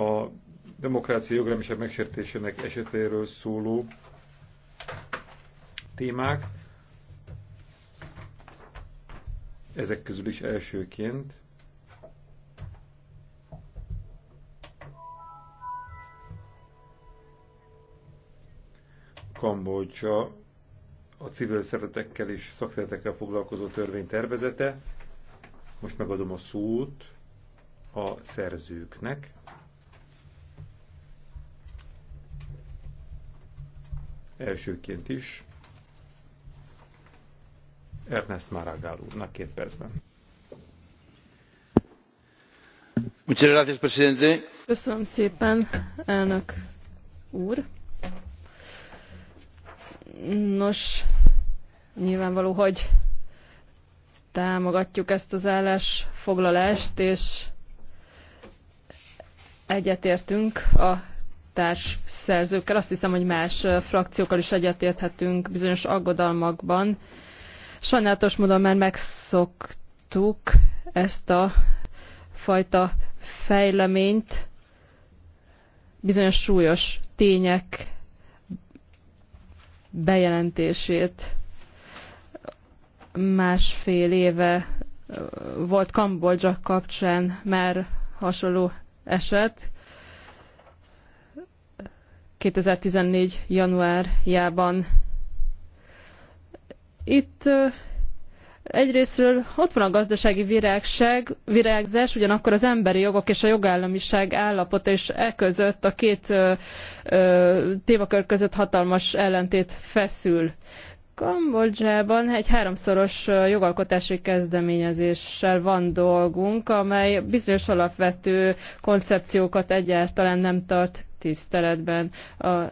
a demokrácia jogrendiség megsértésének esetéről szóló témák. Ezek közül is elsőként Kambodzsa a civil szeretekkel és szakszeretekkel foglalkozó törvény tervezete. Most megadom a szót a szerzőknek. Elsőként is Ernest Maragall úrnak két percben. Köszönöm szépen, elnök úr. Nos, nyilvánvaló, hogy támogatjuk ezt az állásfoglalást, és egyetértünk a társ szerzőkkel. Azt hiszem, hogy más frakciókkal is egyetérthetünk bizonyos aggodalmakban. Sajnálatos módon már megszoktuk ezt a fajta fejleményt bizonyos súlyos tények bejelentését. Másfél éve volt Kambodzsa kapcsán már hasonló eset, 2014. januárjában. Itt egyrésztről ott van a gazdasági virágság, virágzás, ugyanakkor az emberi jogok és a jogállamiság állapota és e között a két ö, ö, között hatalmas ellentét feszül. Kambodzsában egy háromszoros jogalkotási kezdeményezéssel van dolgunk, amely bizonyos alapvető koncepciókat egyáltalán nem tart tiszteletben a eh,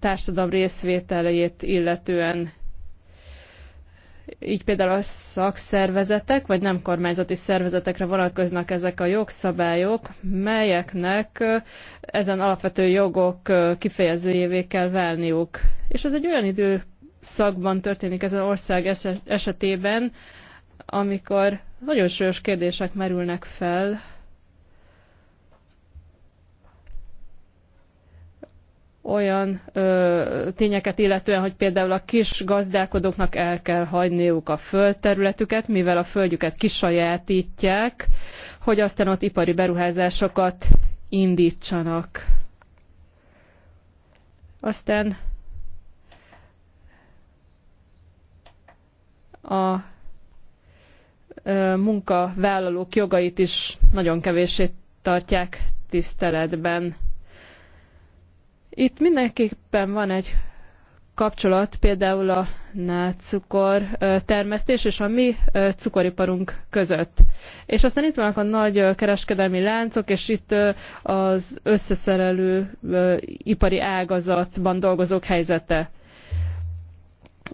társadalom részvételét illetően így például a szakszervezetek, vagy nem kormányzati szervezetekre vonatkoznak ezek a jogszabályok, melyeknek eh, ezen alapvető jogok eh, kifejezőjévé kell válniuk. És ez egy olyan időszakban történik ezen ország esetében, amikor nagyon súlyos kérdések merülnek fel, olyan ö, tényeket illetően, hogy például a kis gazdálkodóknak el kell hagyniuk a földterületüket, mivel a földjüket kisajátítják, hogy aztán ott ipari beruházásokat indítsanak. Aztán a munkavállalók jogait is nagyon kevését tartják tiszteletben. Itt mindenképpen van egy kapcsolat például a cukor termesztés és a mi cukoriparunk között. És aztán itt vannak a nagy kereskedelmi láncok, és itt az összeszerelő ipari ágazatban dolgozók helyzete.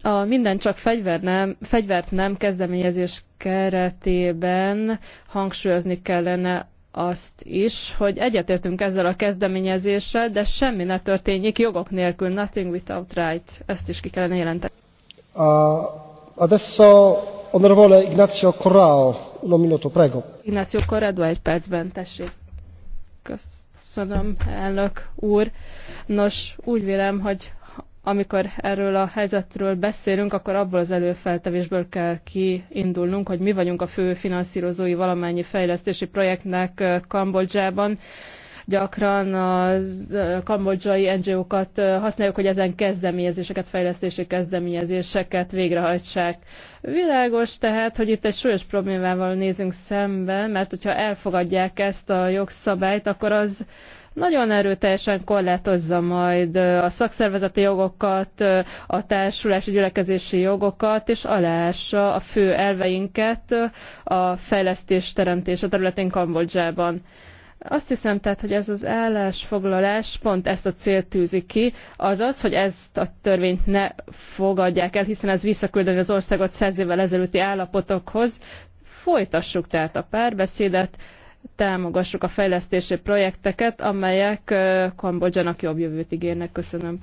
A minden csak fegyver nem, fegyvert nem kezdeményezés keretében hangsúlyozni kellene azt is, hogy egyetértünk ezzel a kezdeményezéssel, de semmi ne történjék jogok nélkül, nothing without right. Ezt is ki kellene jelenteni. Uh, adesso onorevole Ignazio Corrao, un minuto, prego. Ignazio Corrado egy percben, tessék. Köszönöm, elnök úr. Nos, úgy vélem, hogy amikor erről a helyzetről beszélünk, akkor abból az előfeltevésből kell kiindulnunk, hogy mi vagyunk a fő finanszírozói valamennyi fejlesztési projektnek Kambodzsában, Gyakran a kambodzsai NGO-kat használjuk, hogy ezen kezdeményezéseket, fejlesztési kezdeményezéseket végrehajtsák. Világos tehát, hogy itt egy súlyos problémával nézünk szembe, mert hogyha elfogadják ezt a jogszabályt, akkor az nagyon erőteljesen korlátozza majd a szakszervezeti jogokat, a társulási gyülekezési jogokat, és aláássa a fő elveinket a fejlesztés teremtése területén Kambodzsában. Azt hiszem tehát, hogy ez az állásfoglalás pont ezt a célt tűzi ki, azaz, hogy ezt a törvényt ne fogadják el, hiszen ez visszaküldeni az országot száz évvel ezelőtti állapotokhoz. Folytassuk tehát a párbeszédet, támogassuk a fejlesztési projekteket, amelyek Kambodzsának jobb jövőt ígérnek. Köszönöm.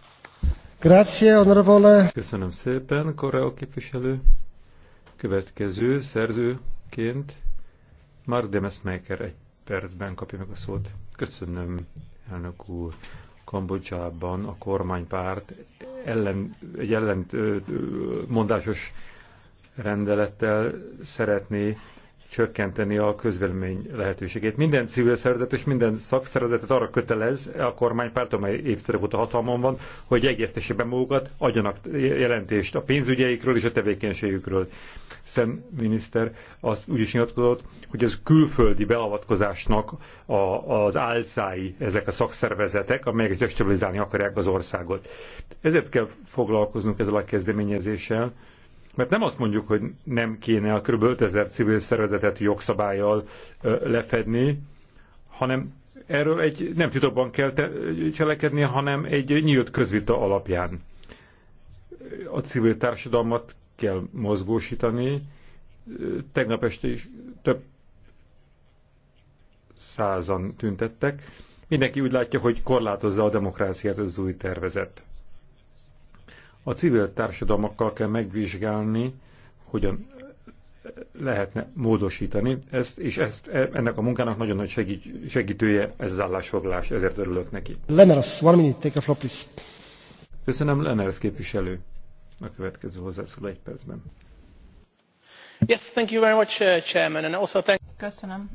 Grazie, onorevole. Köszönöm szépen, Korea képviselő. Következő szerzőként Mark Demesmaker egy percben kapja meg a szót. Köszönöm, elnök úr. Kambodzsában a kormánypárt ellen, egy ellentmondásos rendelettel szeretné csökkenteni a közvélemény lehetőségét. Minden civil szervezet és minden szakszervezetet arra kötelez a kormánypárt, amely évtizedek óta hatalmon van, hogy egyeztesse be magukat, adjanak jelentést a pénzügyeikről és a tevékenységükről. Szent miniszter azt úgy is nyilatkozott, hogy ez külföldi beavatkozásnak a, az álcái ezek a szakszervezetek, amelyek destabilizálni akarják az országot. Ezért kell foglalkoznunk ezzel a kezdeményezéssel, mert nem azt mondjuk, hogy nem kéne a kb. 5000 civil szervezetet jogszabályjal lefedni, hanem erről egy nem titokban kell cselekedni, hanem egy nyílt közvita alapján. A civil társadalmat kell mozgósítani. Tegnap este is több százan tüntettek. Mindenki úgy látja, hogy korlátozza a demokráciát az új tervezet. A civil társadalmakkal kell megvizsgálni, hogyan lehetne módosítani ezt, és ezt, ennek a munkának nagyon nagy segít, segítője ez az állásfoglalás, ezért örülök neki. Lenners, one minute, take a floor, please. Köszönöm, Lenners képviselő. A következő hozzászól egy percben. Yes, thank you very much, uh, Chairman, and also thank... Köszönöm.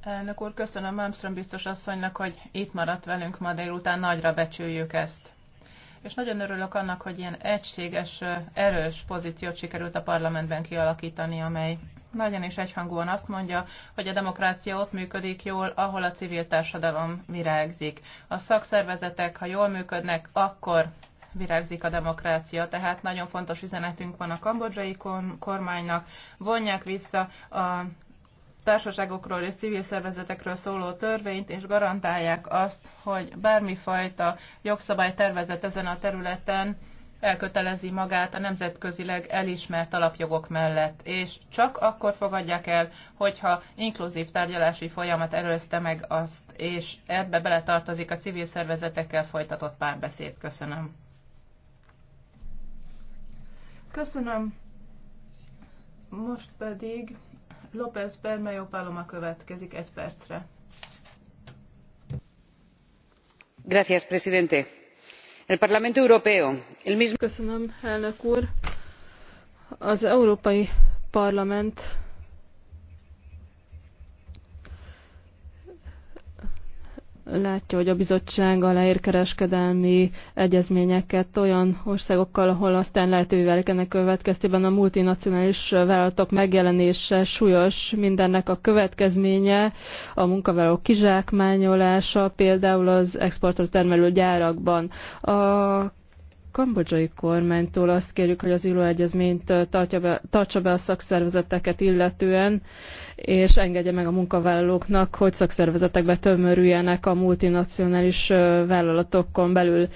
Elnök úr, köszönöm Malmström biztos asszonynak, hogy itt maradt velünk ma délután, nagyra becsüljük ezt és nagyon örülök annak, hogy ilyen egységes, erős pozíciót sikerült a parlamentben kialakítani, amely nagyon is egyhangúan azt mondja, hogy a demokrácia ott működik jól, ahol a civil társadalom virágzik. A szakszervezetek, ha jól működnek, akkor virágzik a demokrácia. Tehát nagyon fontos üzenetünk van a kambodzsai kormánynak. Vonják vissza a társaságokról és civil szervezetekről szóló törvényt, és garantálják azt, hogy bármifajta jogszabálytervezet ezen a területen elkötelezi magát a nemzetközileg elismert alapjogok mellett, és csak akkor fogadják el, hogyha inkluzív tárgyalási folyamat előzte meg azt, és ebbe beletartozik a civil szervezetekkel folytatott párbeszéd. Köszönöm. Köszönöm. Most pedig López Bermejo Paloma következik egy percre. Gracias, presidente. El Parlamento Europeo, el mismo... Köszönöm, elnök úr. Az Európai Parlament látja, hogy a bizottság aláír kereskedelmi egyezményeket olyan országokkal, ahol aztán lehetővé válik ennek következtében a multinacionális vállalatok megjelenése súlyos mindennek a következménye, a munkavállalók kizsákmányolása, például az exportra termelő gyárakban. A kambodzsai kormánytól azt kérjük, hogy az ILO egyezményt be, tartsa be a szakszervezeteket illetően, és engedje meg a munkavállalóknak, hogy szakszervezetekbe tömörüljenek a multinacionális vállalatokon belül.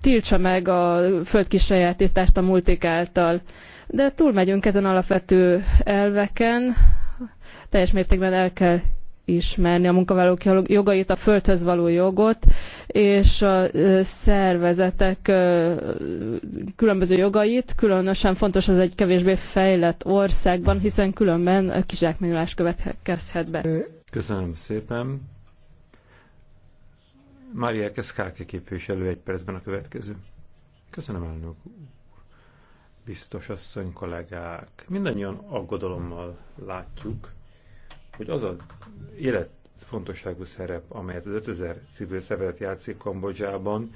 Tiltsa meg a földkisajátítást a multik által. De túlmegyünk ezen alapvető elveken, teljes mértékben el kell ismerni a munkavállalók jogait, a földhöz való jogot, és a szervezetek különböző jogait. Különösen fontos az egy kevésbé fejlett országban, hiszen különben kizsákmányolás következhet be. Köszönöm szépen. Mária Keszkáke képviselő egy percben a következő. Köszönöm, elnök biztos asszony kollégák. Mindannyian aggodalommal látjuk, hogy az a életfontosságú szerep, amelyet az 5000 civil szervezet játszik Kambodzsában,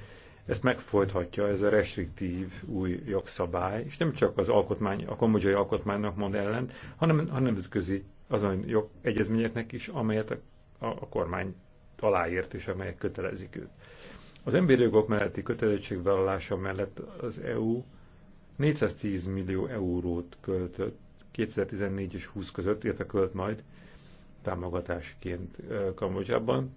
ezt megfolythatja ez a restriktív új jogszabály, és nem csak az alkotmány, a kambodzsai alkotmánynak mond ellent, hanem a nemzetközi azon jogegyezményeknek is, amelyet a, a, a kormány aláért, és amelyek kötelezik őt. Az emberi jogok melletti kötelezettségvállalása mellett az EU 410 millió eurót költött 2014 és 20 között, illetve költ majd támogatásként Kambodzsában.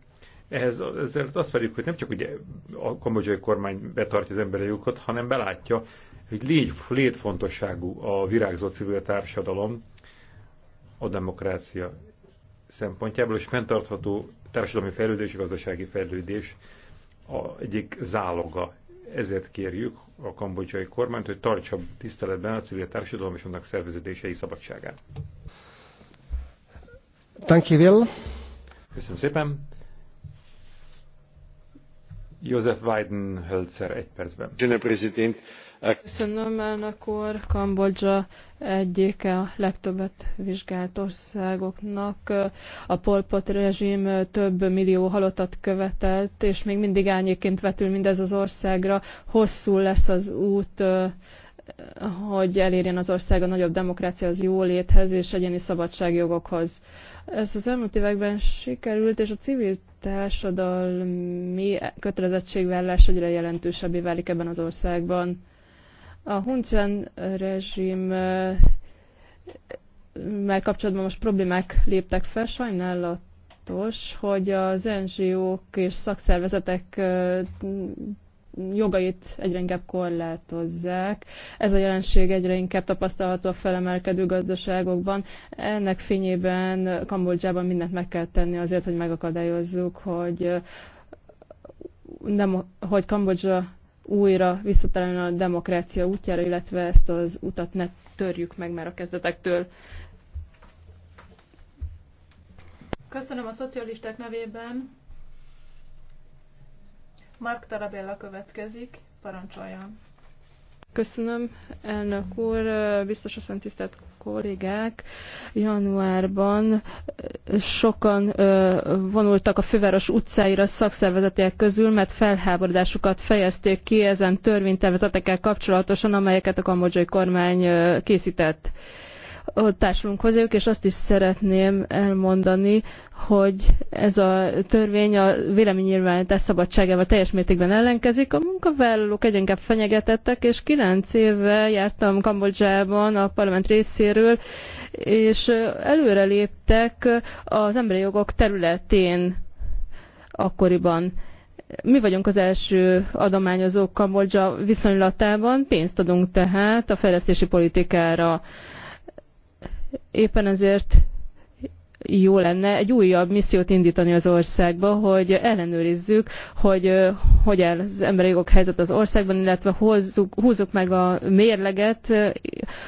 Ehhez ezzel azt várjuk, hogy nem csak ugye a kambodzsai kormány betartja az emberi jogokat, hanem belátja, hogy légy, létfontosságú a virágzó civil társadalom a demokrácia szempontjából, és fenntartható társadalmi fejlődés és gazdasági fejlődés a egyik záloga. Ezért kérjük a kambodzsai kormányt, hogy tartsa tiszteletben a civil társadalom és annak szerveződései szabadságát. Will. Köszönöm szépen. József Weidenhölzer egy percben. Köszönöm, elnök úr. Kambodzsa egyik a legtöbbet vizsgált országoknak. A polpot rezsim több millió halottat követelt, és még mindig ányéként vetül mindez az országra. Hosszú lesz az út hogy elérjen az ország a nagyobb az jóléthez és egyéni szabadságjogokhoz. Ez az elmúlt években sikerült, és a civil társadalmi kötelezettségvállás egyre jelentősebbé válik ebben az országban. A huncsen rezsim mert kapcsolatban most problémák léptek fel, sajnálatos, hogy az NGO-k és szakszervezetek jogait egyre inkább korlátozzák. Ez a jelenség egyre inkább tapasztalható a felemelkedő gazdaságokban. Ennek fényében Kambodzsában mindent meg kell tenni azért, hogy megakadályozzuk, hogy nem, hogy Kambodzsa újra visszatalálni a demokrácia útjára, illetve ezt az utat ne törjük meg már a kezdetektől. Köszönöm a szocialisták nevében. Mark Tarabella következik, parancsoljon. Köszönöm, elnök úr, biztos asszony tisztelt kollégák. Januárban sokan vonultak a főváros utcáira szakszervezetek közül, mert felháborodásukat fejezték ki ezen törvénytervezetekkel kapcsolatosan, amelyeket a kambodzsai kormány készített társulunk hozzájuk, és azt is szeretném elmondani, hogy ez a törvény a véleménynyilvánítás szabadságával teljes mértékben ellenkezik. A munkavállalók egyre inkább fenyegetettek, és kilenc éve jártam Kambodzsában a parlament részéről, és előreléptek az emberi jogok területén akkoriban mi vagyunk az első adományozók Kambodzsa viszonylatában, pénzt adunk tehát a fejlesztési politikára. Éppen ezért jó lenne egy újabb missziót indítani az országba, hogy ellenőrizzük, hogy hogy áll az emberi jogok helyzet az országban, illetve hozzuk, húzzuk meg a mérleget,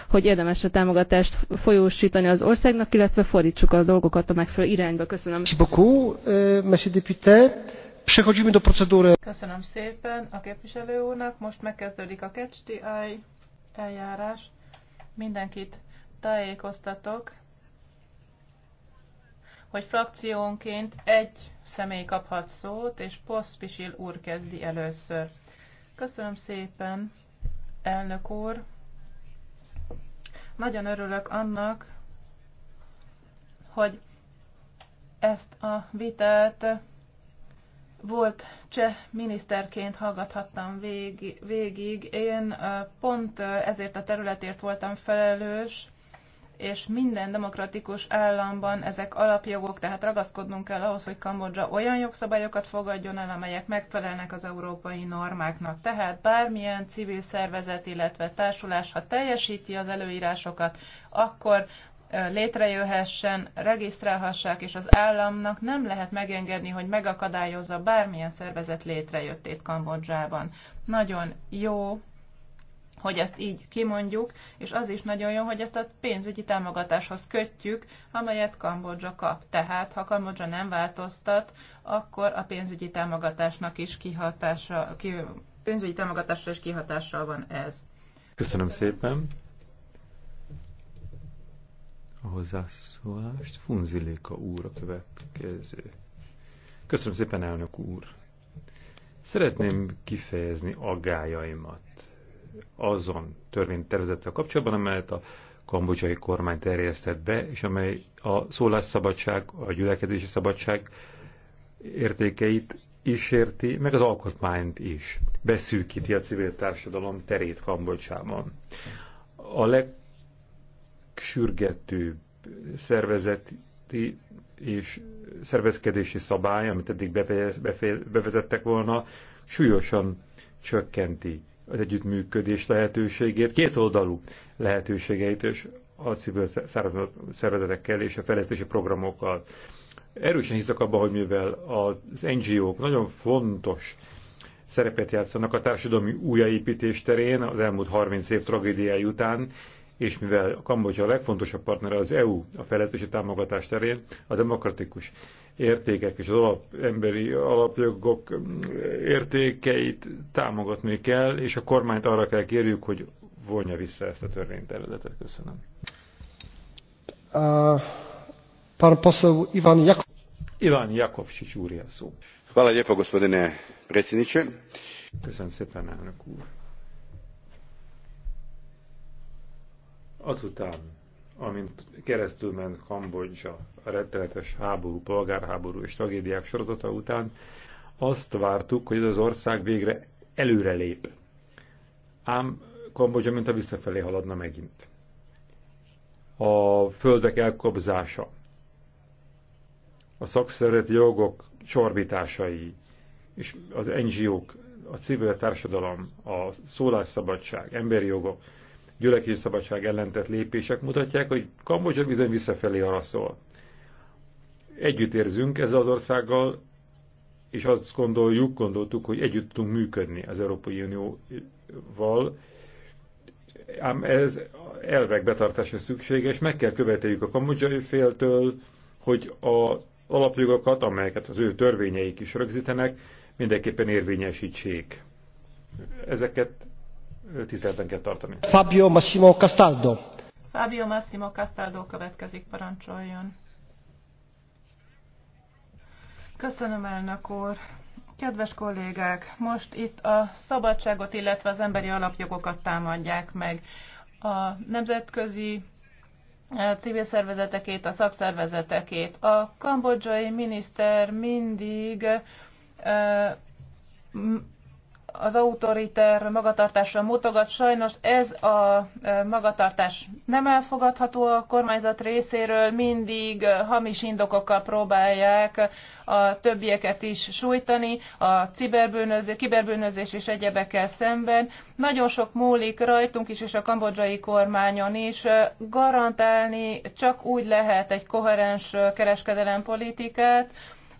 hogy érdemes a támogatást folyósítani az országnak, illetve fordítsuk a dolgokat a megfelelő irányba. Köszönöm. Euh, Köszönöm szépen a képviselő úrnak. Most megkezdődik a catch the eye eljárás. Mindenkit tájékoztatok, hogy frakciónként egy személy kaphat szót, és Poszpisil úr kezdi először. Köszönöm szépen, elnök úr. Nagyon örülök annak, hogy ezt a vitát volt cseh miniszterként hallgathattam végig. Én pont ezért a területért voltam felelős, és minden demokratikus államban ezek alapjogok, tehát ragaszkodnunk kell ahhoz, hogy Kambodzsa olyan jogszabályokat fogadjon el, amelyek megfelelnek az európai normáknak. Tehát bármilyen civil szervezet, illetve társulás, ha teljesíti az előírásokat, akkor létrejöhessen, regisztrálhassák, és az államnak nem lehet megengedni, hogy megakadályozza bármilyen szervezet létrejöttét Kambodzsában. Nagyon jó hogy ezt így kimondjuk, és az is nagyon jó, hogy ezt a pénzügyi támogatáshoz kötjük, amelyet Kambodzsa kap. Tehát, ha Kambodzsa nem változtat, akkor a pénzügyi támogatásnak is kihatása, ki, pénzügyi támogatásra is kihatással van ez. Köszönöm szépen. A hozzászólást Funziléka úr a következő. Köszönöm szépen, elnök úr. Szeretném kifejezni aggájaimat azon törvénytervezettel kapcsolatban, amelyet a kambodzsai kormány terjesztett be, és amely a szólásszabadság, a gyülekezési szabadság értékeit is érti, meg az alkotmányt is. Beszűkíti a civil társadalom terét Kambodzsában. A legsürgetőbb szervezeti és szervezkedési szabály, amit eddig bevezettek volna, súlyosan csökkenti az együttműködés lehetőségét, kétoldalú lehetőségeit és a civil szervezetekkel és a fejlesztési programokkal. Erősen hiszek abban, hogy mivel az NGO-k nagyon fontos szerepet játszanak a társadalmi újjáépítés terén az elmúlt 30 év tragédiája után, és mivel a Kambodzsa a legfontosabb partnere az EU a fejlesztési támogatás terén, a demokratikus értékek és az alap, emberi alapjogok mm, értékeit támogatni kell, és a kormányt arra kell kérjük, hogy vonja vissza ezt a törvényterületet. Köszönöm. Uh, Ivan Jakov. Ivan Jakovsics úr szó. Hvala lijepo, gospodine predsjedniče. Köszönöm szépen, elnök úr. Azután, amint keresztül ment Kambodzsa a rettenetes háború, polgárháború és tragédiák sorozata után, azt vártuk, hogy ez az ország végre előrelép. Ám Kambodzsa mint a visszafelé haladna megint. A földek elkobzása, a szakszervezeti jogok csorbításai, és az NGO-k, a civil társadalom, a szólásszabadság, emberi jogok, gyülekezés szabadság ellentett lépések mutatják, hogy Kambodzsa bizony visszafelé araszol. Együtt érzünk ezzel az országgal, és azt gondoljuk, gondoltuk, hogy együtt tudunk működni az Európai Unióval, ám ez elvek betartása szükséges, meg kell követeljük a kambodzsai féltől, hogy a alapjogokat, amelyeket az ő törvényeik is rögzítenek, mindenképpen érvényesítsék. Ezeket tiszteletben kell tartani. Fabio Massimo Castaldo. Fabio Massimo Castaldo következik, parancsoljon. Köszönöm, elnök úr. Kedves kollégák, most itt a szabadságot, illetve az emberi alapjogokat támadják meg. A nemzetközi a civil szervezetekét, a szakszervezetekét. A kambodzsai miniszter mindig az autoriter magatartásra mutogat. Sajnos ez a e, magatartás nem elfogadható a kormányzat részéről, mindig e, hamis indokokkal próbálják a többieket is sújtani, a ciberbűnözés, kiberbűnözés és egyebekkel szemben. Nagyon sok múlik rajtunk is, és a kambodzsai kormányon is. E, garantálni csak úgy lehet egy koherens kereskedelem politikát,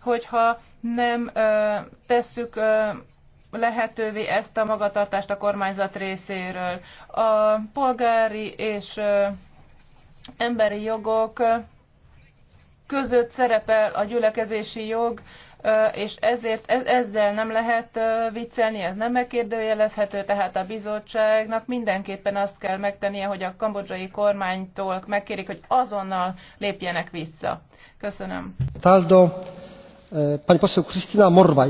hogyha nem ö, tesszük ö, lehetővé ezt a magatartást a kormányzat részéről. A polgári és emberi jogok között szerepel a gyülekezési jog, és ezért e-, ezzel nem lehet viccelni, ez nem megkérdőjelezhető, tehát a bizottságnak mindenképpen azt kell megtennie, hogy a kambodzsai kormánytól megkérik, hogy azonnal lépjenek vissza. Köszönöm. Taldo, e, pani poseł Kristina Morvaj.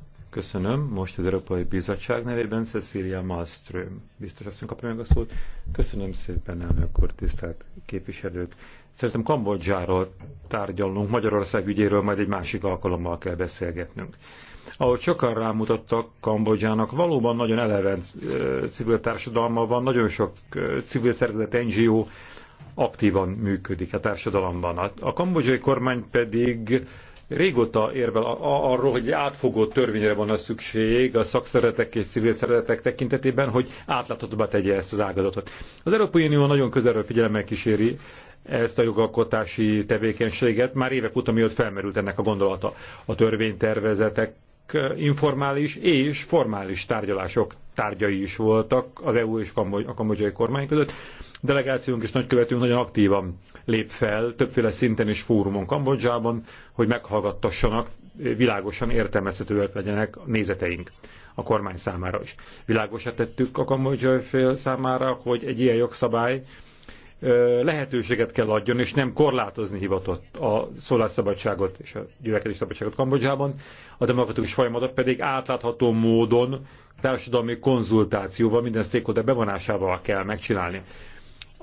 Köszönöm. Most az Európai Bizottság nevében Cecilia Malmström. Biztos azt kapja meg a szót. Köszönöm szépen, elnök úr, tisztelt képviselők. Szerintem Kambodzsáról tárgyalnunk, Magyarország ügyéről majd egy másik alkalommal kell beszélgetnünk. Ahogy sokan rámutattak, Kambodzsának valóban nagyon eleven civil társadalma van, nagyon sok civil szervezet, NGO aktívan működik a társadalomban. A kambodzsai kormány pedig régóta érvel arról, hogy átfogó törvényre van a szükség a szakszeretek és civil szeretek tekintetében, hogy átláthatóbbá tegye ezt az ágazatot. Az Európai Unió nagyon közelről figyelemmel kíséri ezt a jogalkotási tevékenységet. Már évek óta miatt felmerült ennek a gondolata. A törvénytervezetek eh, informális és formális tárgyalások tárgyai is voltak az EU és a kambodzsai kormány között delegációnk és nagykövetünk nagyon aktívan lép fel többféle szinten és fórumon Kambodzsában, hogy meghallgattassanak, világosan értelmezhetőek legyenek a nézeteink a kormány számára is. Világosat tettük a kambodzsai fél számára, hogy egy ilyen jogszabály lehetőséget kell adjon, és nem korlátozni hivatott a szólásszabadságot és a gyülekezés szabadságot Kambodzsában, a demokratikus folyamatot pedig átlátható módon társadalmi konzultációval, minden stakeholder bevonásával kell megcsinálni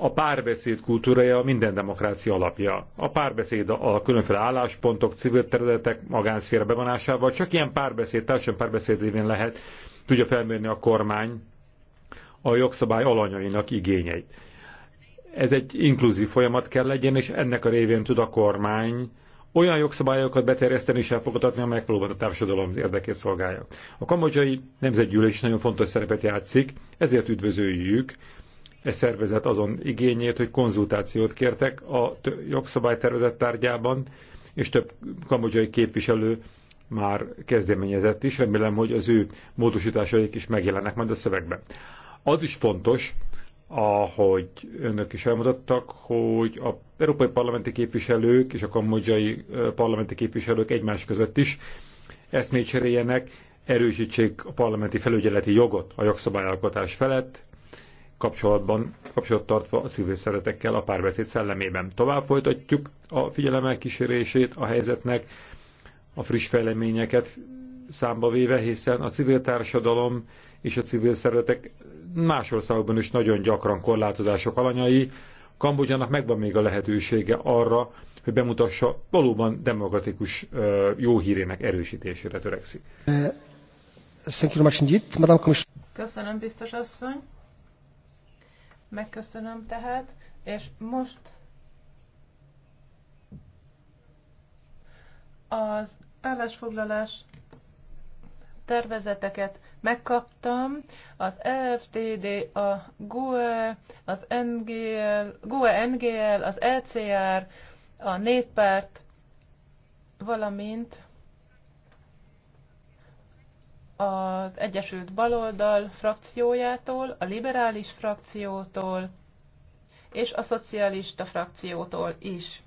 a párbeszéd kultúrája minden demokrácia alapja. A párbeszéd a különféle álláspontok, civil területek, magánszféra bevonásával csak ilyen párbeszéd, társadalmi párbeszéd révén lehet tudja felmérni a kormány a jogszabály alanyainak igényeit. Ez egy inkluzív folyamat kell legyen, és ennek a révén tud a kormány olyan jogszabályokat beterjeszteni és elfogadni, amelyek valóban a társadalom érdekét szolgálja. A kambodzsai nemzetgyűlés nagyon fontos szerepet játszik, ezért üdvözöljük e szervezet azon igényét, hogy konzultációt kértek a jogszabálytervezet tárgyában, és több kambodzsai képviselő már kezdeményezett is, remélem, hogy az ő módosításaik is megjelennek majd a szövegben. Az is fontos, ahogy önök is elmondottak, hogy a európai parlamenti képviselők és a kambodzsai parlamenti képviselők egymás között is eszmét cseréljenek, erősítsék a parlamenti felügyeleti jogot a jogszabályalkotás felett, kapcsolatban, kapcsolat tartva a civil szeretekkel a párbeszéd szellemében. Tovább folytatjuk a figyelemmel kísérését a helyzetnek, a friss fejleményeket számba véve, hiszen a civil társadalom és a civil szeretek más országokban is nagyon gyakran korlátozások alanyai. Kambodzsának megvan még a lehetősége arra, hogy bemutassa valóban demokratikus jó hírének erősítésére törekszik. Köszönöm, biztos asszony. Megköszönöm tehát, és most az állásfoglalás tervezeteket megkaptam, az EFTD, a GUE, az NGL, GUE NGL, az ECR, a Néppárt, valamint az Egyesült Baloldal frakciójától, a liberális frakciótól és a szocialista frakciótól is.